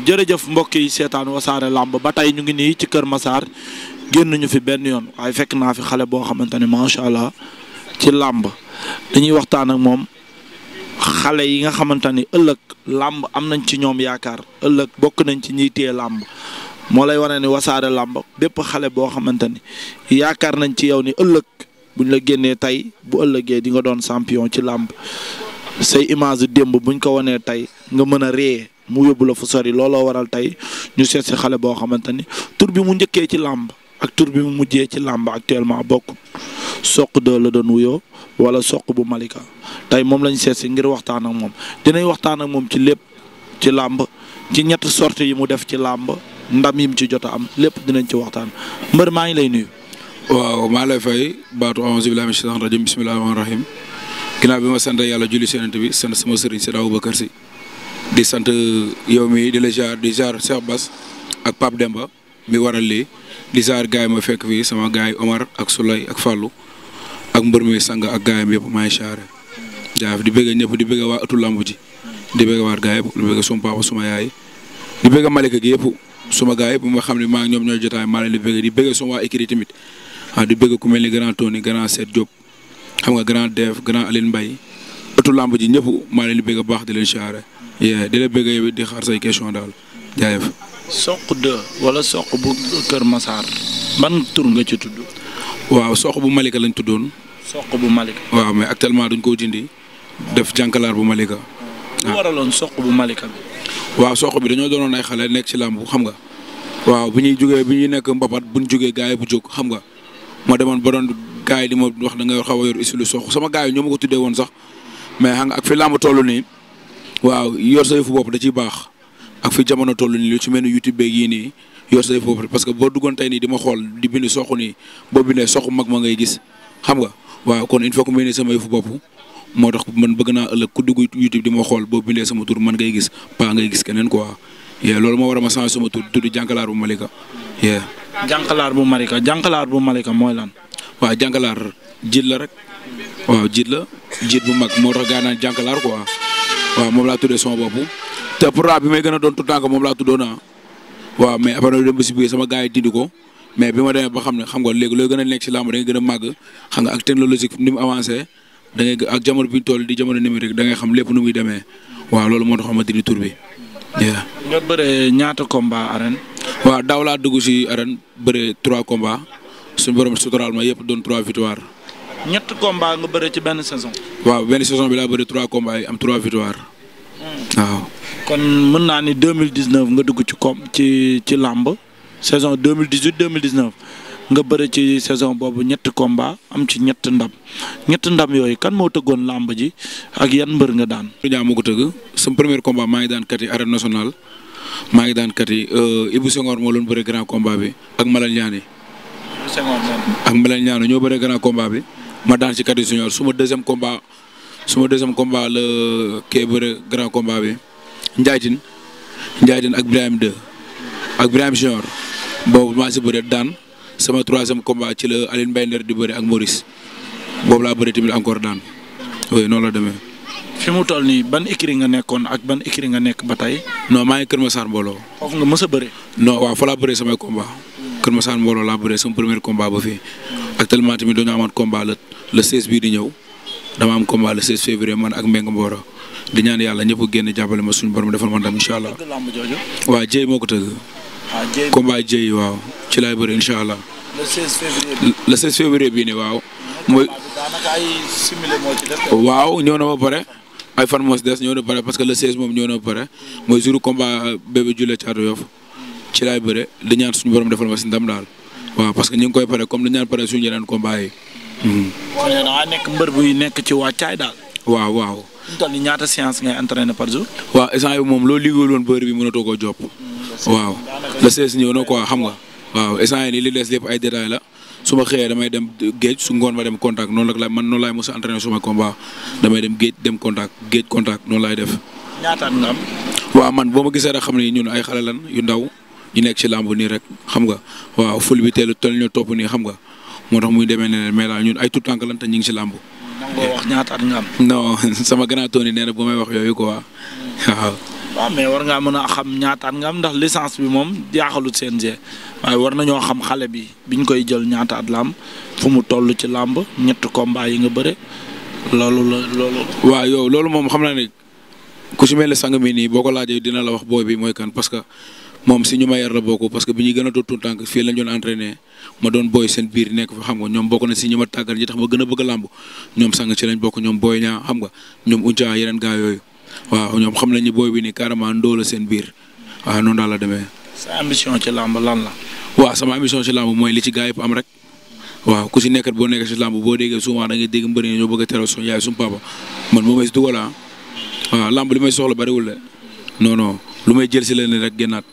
jërëjëf mbokk yi seetaan wasaare làmb ba tey ñu ngi nii ci Kër Massar génn ñu fi benn yoon waaye fekk naa fi xale boo xamante ne macha allah ci làmb dañuy waxtaan ak moom xale yi nga xamante ni ëllëg làmb am nañ ci ñoom yaakaar ëllëg bokk nañ ci ñiy téye làmb moo lay wane ni wasaare làmb bépp xale boo xamante ni yaakaar nañ ci yow ni ëllëg buñ la génnee tey bu ëllëgee di nga doon champion ci làmb say image démb buñ ko wanee tey nga mën a ree mu yóbbu la fu sori looloo waral tey ñu seet si xale boo xamante ni tur bi mu njëkkee ci làmb ak tur bi mu mujjee ci làmb actuellement bokk soq de la doon wuyoo wala soq bu Malika tey moom lañ seet si ngir waxtaan ak moom dinañ waxtaan ak moom ci lépp ci làmb ci ñett sorties yi mu def ci làmb ndam yim ci jot am lépp dinañ ci waxtaan mbër maa ngi lay nuyu. waaw maa lay fay baatu auzu billaahi mina shaytaani rajiim bismillaahi rahmaani ginnaaw bi ma sant yàlla julli si bi sant sama sëriñ Seydi Aboubacar Sy di sant yow mi di la jaar di jaar Cheikh Bass ak Pape Demba mi waral lii di jaar gaay ma fekk fii sama gaay Omar ak Souley ak Fallou ak mbër mi sang ak gaayam yëpp maay charré jaaf di bëgg ñëpp di bëgg waa ëttu lamb di bëgg waat gaay yëpp di bëgg suma papa suma yaay di bëgg Malika gi yëpp suma gaay yëpp bu nga xam ne maa ñoom ñooy jotaay maa leen di bëgg di bëgg suma waa écrit tamit ah, di bëgg ku mel ni grand Tony grand Seet Diop xam nga grand Def grand Aline Mbaye ëttu lamb ji ñëpp maa leen di bëgg a baax di leen siyaare di la bëgg yow di xaar say question daal soq wala soq bu Kër Massar ban tur nga ci tudd. waaw soq bu Malika lañ tuddoon. soq bu Malika. waa mais actuellement duñ ko dindi def jànkalaar bu Malika. lu ah. waraloon soq bu Malika bi. waaw soq bi dañoo doonoon ay xale nekk ci làmb xam nga. waaw bu ñuy jógee bu ñuy nekk mbapat bu ñu jógee gaay bu jóg xam nga ma demoon ba doon gars yi di ma wax da nga xaw a yor isilu sox sama gars yi ñoo ma ko tuddee woon sax mais xam nga toll nii waaw yor sa yëfu bopp da ciy baax ak fi jamono toll nii lu ci mel ni youtube beeg yii nii yor sa yëfu parce que boo duggoon tey nii di xool di bind sox nii boo bindee sox mag ma gis xam nga waaw kon il faut que ne sama yëfu bopp moo tax man bëgg naa ëllëg ku dugg youtube di ma xool boo bindee sama tur man ngay gis pas ngay gis keneen quoi loolu moo war a ma changé sama tur tudd jànkalaar bu Malika. jànkalaar bu Malika jànkalaar bu Malika mooy lan. waa jàngalaar jiit la rek waaw jiit la jiit bu mag moo tax gaa naan jàngalaar quoi waaw moom laa tuddee sama bopp te pour bi may gën a doon tout temps moom laa tuddoon naa ah. waaw mais après dem ba si biir sama gars dindi ko mais bi ma demee ba xam ne xam nga léegi looy gën a nekk si làmb da ngay gën a màgg xam nga ak technologie ni mu da ak jamono bi ñu toll di jamono numérique da ngay xam lépp nu muy demee waaw loolu moo tax ma dindi tur bi. nga bëre ñaata combat arène. waaw daaw laa dugg si arène bëre trois combat suñu borom suturaal ma yëpp doon trois victoires. ñett combats nga bëre ci benn saison. waaw benn saison bi laa bëri trois combats yi am trois victoires. Hmm. waaw. kon mën naa ni deux mille dix neuf nga dugg ci com ci ci làmb saison deux mille dix huit deux mille dix nga bëri ci saison boobu ñett combat am ci ñett ndam ñett ndam yooyu kan moo tëggoon làmb ji ak yan mbër nga daan. ñaa moo ko tëgg sama premier combat maa ngi daan kat yi national maa ngi daan kat yi euh, Ibou Senghor moo doon bëri grand combat bi ak Malal Niani ak Mbelane Niang ñoo bëre grand combat bi ma daan ci kati senior suma deuxième combat suma deuxième combat la kee bëre grand combat bi Ndiaye Tine ak Birame 2 ak Birame senior boobu maa si bëre daan sama troisième combat ci la Aline Mbaye Nder di bëre ak Maurice boobu laa bëre tamit encore daan oui noonu la demee. fi mu toll nii ban écurie nga nekkoon ak ban écurie nga nekk ba tey. non maa ngi Kër Masar mbooloo. foofu nga mës a bëre. waaw fa Kër Masaan mbooloo laa bëree sama premier combat ba fii actuellement tamit dañoo amaat combat le le bii di ñëw dama am combat février man ak Mbengue Mboro di ñaan yàlla ñëpp génn jàppale ma suñ borom defal ma ndam incha allah. waaw Dieye moo ko tëgg. ah Dieye combat Dieye waaw ci laay bëri incha allah. le 16 février le waaw. mooy waaw ñëw na ba pare. ay fan mos des ñëw na pare parce que le 16 moom ñëw na ba pare mooy jour combat bébé Julle Thiatou Yoff ci laay bëre di ñaan suñu borom def ma si daal waaw parce que ñu ngi koy pare comme di ñaan pare suñu yeneen combat yi. Hmm. nekk mbër buy nekk ci wàccaay daal. waaw waaw. ñu toll nii ñaata séance ngay entraîné par jour. waaw instant yii moom loo liggéeyul woon bëri bi mënatoo koo jóg. waaw le seize ñëw na quoi xam nga. waaw instant yii li des lépp la su ma xëyee damay dem géej su ngoon ma dem contact noonu la man noonu laay mos a entraîné suma combat damay dem géej dem contact géej contact noonu laay def. ñaataat nga am. man boo ma gisee rek xam ne ñun ay xale lan yu ndaw ñu nekk ci làmb nii rek xam nga waaw ful bi teel a toll topp nii xam nga moo tax muy demee ne mais daal ñun ay tout tànk lan te ñu ngi ci làmb. nangoo ñaata at nga am. sama grand tooni nee na may wax yooyu quoi mais war ngaa mën a xam ñaata at nga am ndax licence bi moom jaaxalut CNG waaye war nañoo xam xale bi biñ koy jël ñaata at la fu mu toll ci làmb ñett combat yi nga bëre loolu la loolu. waaw yow loolu moom xam naa ne ku si mel ne sang mi nii boo ko laajee dina la wax booy bi mooy kan parce que. moom si ñu ma yar la bokk parce que bi ñuy gën a tuut tànk fii lañ doon entraîné ma doon booy seen biir nekk fa xam nga ñoom bokk na si ñu ma tàggal ñi ma gën a bëgg a làmb ñoom sang ci bokk ñoom booy ñaa xam nga ñoom uncaa yeneen gaa yooyu waaw ñoom booy bi ni carrément ndóol la seen biir waaw noonu la demee. sa ambition ci làmb la. waaw sama ambition ci làmb mooy li ci gaa yëpp am rek waaw ku si nekkat boo nekkee boo déggee souvent da ngay a teral suñu yaay suñu papa may si dugal ah waaw làmb li may soxla bariwul de non lu may jël si leen rek génnaat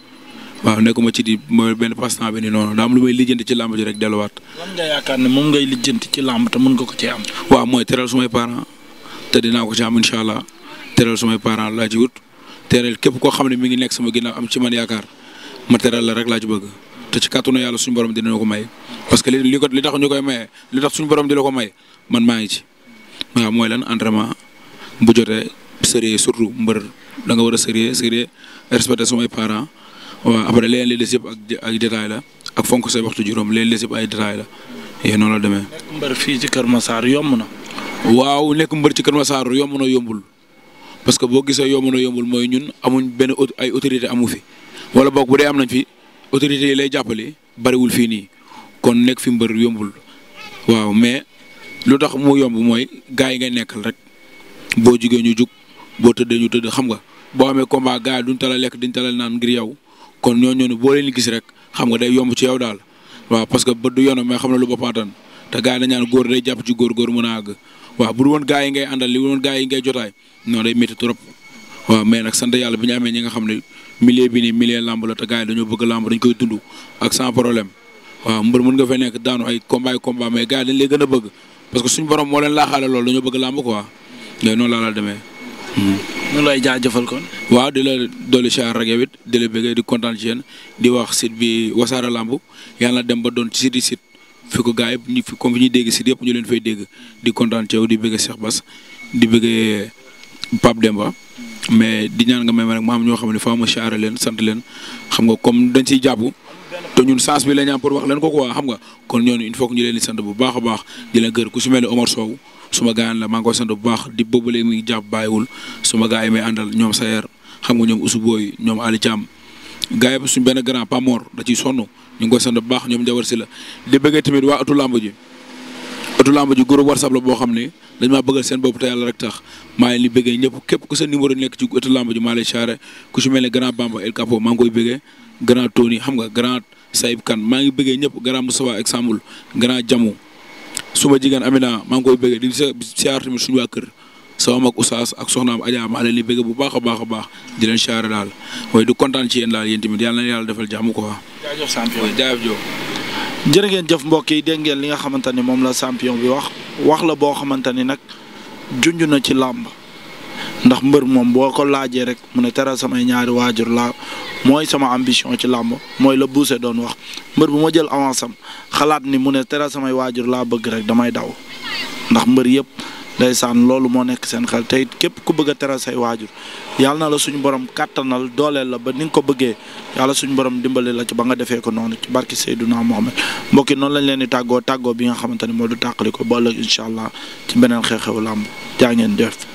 waaw nekkuma ci di mooy benn passe-temps bi ni noonu daa am lu may lijjanti ci làmb ji rek delluwaat. lan nga yaakaar ne moom ngay lijjanti ci làmb te mën nga ko cee am. waaw mooy teral sumay parents te dinaa ko ci am incha allah teral sumay parent laa ci wut teral képp koo xam ne mi ngi nekk sama ginnaaw am ci man yaakaar ma teral la rek laa bëgg te ci kàttanu yàlla suñu borom dina ko may parce que li ko tax ñu koy maye li tax suñu borom di ko may man maa ngi ci waaw mooy lan entraînement bu jotee sérieux surtout mbër da nga war a sérieux sérieux respecté sumay parents waaw après leen li des yëpp ak ak détail la ak fonk say waxtu juróom leen des yëpp ay détail la yee noonu la demee. nekk mbër fii ci Kër Massar yomb na. waaw nekk mbër ci Kër Massar yomb na yombul parce que boo gisee yomb na yombul mooy ñun amuñ benn ay autorité amu fi wala boog bu dee am nañ fi autorité yi lay jàppale bariwul fii nii kon nekk fi mbër yombul waaw mais lu tax mu yomb mooy gars yi ngay nekkal rek boo jugee ñu jug boo tëddee ñu tëdd xam nga boo amee combat gars yi duñ tala lekk duñ tala naan ngir yow. kon ñooñu ne boo leen gis rek xam nga day yomb ci yow daal waa parce que bët du yoonam mais xam na lu boppaatan te gars yi dañu naan góor day jàpp ci góor góor mën a àgg waaw bu du woon gars yi ngay àndal li woon gars yi ngay jotaay non day métti trop waaw mais nag sant yàlla bi ñu amee ñi nga xam ne milieu bi nii milieu làmb la te gars yi dañoo bëgg làmb dañ koy dund ak sans problème waaw mbër mën nga fay nekk daanu ay combat ay combat mais gars yi dañ lay gën a bëgg parce que suñu borom moo leen laaxaale loolu dañoo bëgg làmb quoi mais noonu laa Hmm. ñu lay jaajëfal kon. waaw di la dolli si rek yow it di la bëggee di kontaan ci di wax site bi wasaare lamb yàlla na dem ba doon ci site yi site fi ko gars yi fi comme fi ñuy dégg site yëpp ñu leen fay dégg di kontaan ci yow di bëggee Cheikh Bass di bëggee Pape Demba. mais di ñaan nga may ma rek ma am ñoo xam ne faaw ma siyaare leen sant leen xam nga comme dañ ciy jàpp te ñun sens bi la ñu am pour wax leen ko quoi xam nga kon ñooñu il faut ñu leen sant bu baax baax di leen gër ku si mel ni Omar Sow suma gaañ la maa ngi koy sant bu baax di boobu léegi muy jàpp bàyyiwul suma gars yi may àndal ñoom Sayer xam nga ñoom Ousou Boy ñoom Ali Thiam gars yi suñ benn grand Pamor da ciy sonn ñu ngi koy bu baax ñoom Njawar si la di bëggee tamit waa ëttu làmb ji ëttu làmb ji groupe WhatsApp boo xam ne dañ maa seen bopp te yàlla rek tax li bëggee ñëpp képp ku sa numéro nekk ci ëttu làmb ji maa lay ku ci mel ne grand Bamba El Capo maa ngi koy bëggee grand Tony xam nga grand Saïb kan maa ngi bëggee ñëpp grand Moussa exemple grand Jamu su suma jigéen Amina maa ngi koy bëgg di siyaar tamit suñu waa kër sama mag Oustaz ak soxnaam Adja maa leen di bëgg bu baax a baax a baax di leen siyaare daal mooy du kontaan ci yéen daal yéen tamit yàlla na yàlla defal jaamu ko jaajëf champion jaajëf joo. jërë jëf mbokk yi dégg ngeen li nga xamante ni moom la champion bi wax wax la boo xamante ni nag junj na ci làmb ndax mbër moom boo ko laajee rek mu ne teral samay ñaari waajur laa mooy sama ambition ci làmb mooy la buuse doon wax mbër bu ma jël avance am xalaat ni mu ne teral samay waajur laa bëgg rek damay daw ndax mbër yëpp ndeysaan loolu moo nekk seen xel tey képp ku bëgg a teral say waajur yàlla na la suñu borom kàttanal dooleel la ba ni nga ko bëggee yàlla suñu borom dimbali la ci ba nga defee ko noonu ci barki moo Muhammad mbokki noonu lañ leen di tàggoo tàggoo nga xamante ne moo du tàqali ko ba ëllëg allah ci beneen xew-xewu làmb ngeen def